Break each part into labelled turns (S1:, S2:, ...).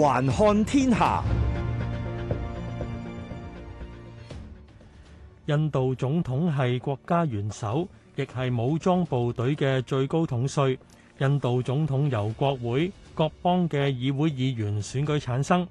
S1: 環看天下，印度總統係國家元首，亦係武裝部隊嘅最高統帥。印度總統由國會、各邦嘅議會議員選舉產生。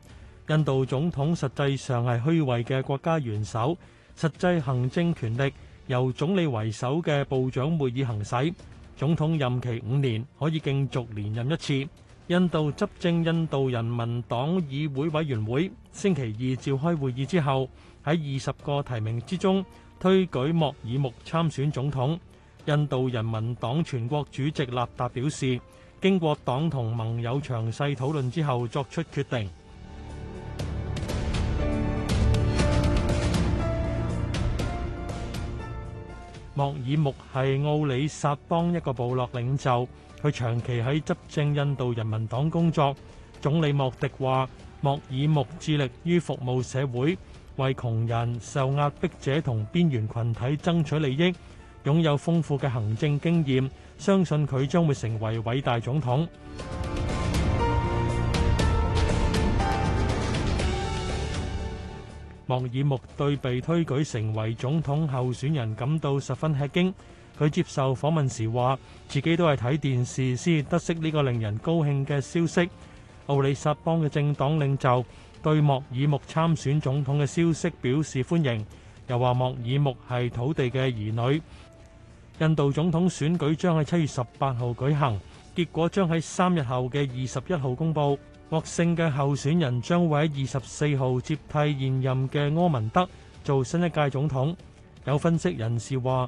S1: 印度總統實際上係虛位嘅國家元首，實際行政權力由總理為首嘅部長會議行使。總統任期五年，可以競逐連任一次。印度執政印度人民黨議會委員會星期二召開會議之後，喺二十個提名之中推舉莫爾穆參選總統。印度人民黨全國主席納達表示，經過黨同盟友詳細討論之後作出決定。莫爾穆係奧里薩邦一個部落領袖。佢長期喺執政印度人民黨工作。總理莫迪話：莫爾穆致力於服務社會，為窮人、受壓迫者同邊緣羣體爭取利益，擁有豐富嘅行政經驗，相信佢將會成為偉大總統。莫爾穆對被推舉成為總統候選人感到十分吃驚。佢接受訪問時話：自己都係睇電視先得悉呢個令人高興嘅消息。奧里薩邦嘅政黨領袖對莫爾穆參選總統嘅消息表示歡迎，又話莫爾穆係土地嘅兒女。印度總統選舉將喺七月十八號舉行，結果將喺三日後嘅二十一號公佈。獲勝嘅候選人將會喺二十四號接替現任嘅柯文德做新一屆總統。有分析人士話。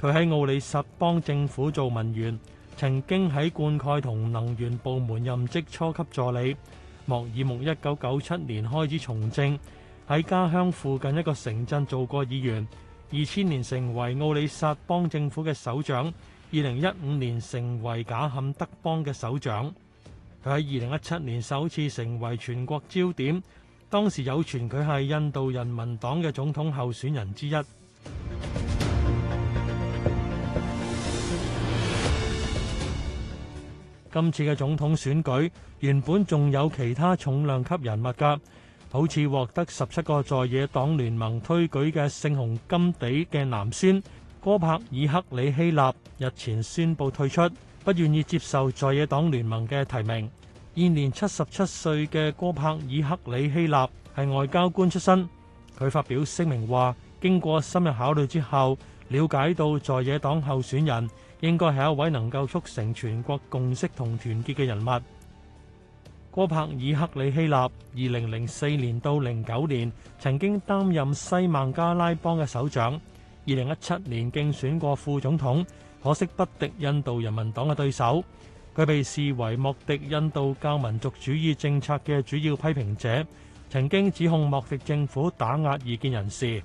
S1: 佢喺奧里薩邦政府做文員，曾經喺灌溉同能源部門任職初級助理。莫爾穆一九九七年開始從政，喺家鄉附近一個城鎮做過議員，二千年成為奧里薩邦政府嘅首長，二零一五年成為賈坎德邦嘅首長。佢喺二零一七年首次成為全國焦點，當時有傳佢係印度人民黨嘅總統候選人之一。今次嘅總統選舉原本仲有其他重量級人物㗎，好似獲得十七個在野黨聯盟推舉嘅聖雄甘地嘅男孫哥柏爾克里希納日前宣布退出，不願意接受在野黨聯盟嘅提名。現年七十七歲嘅哥柏爾克里希納係外交官出身，佢發表聲明話：經過深入考慮之後，了解到在野黨候選人。應該係一位能夠促成全國共識同團結嘅人物。戈柏爾克里希納，二零零四年到零九年曾經擔任西孟加拉邦嘅首長，二零一七年競選過副總統，可惜不敵印度人民黨嘅對手。佢被視為莫迪印度教民族主義政策嘅主要批評者，曾經指控莫迪政府打壓異見人士。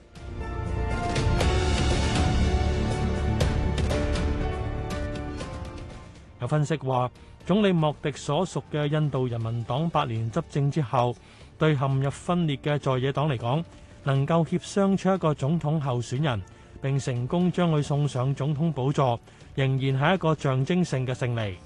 S1: 分析話，總理莫迪所屬嘅印度人民黨八年執政之後，對陷入分裂嘅在野黨嚟講，能夠協商出一個總統候選人，並成功將佢送上總統寶座，仍然係一個象徵性嘅勝利。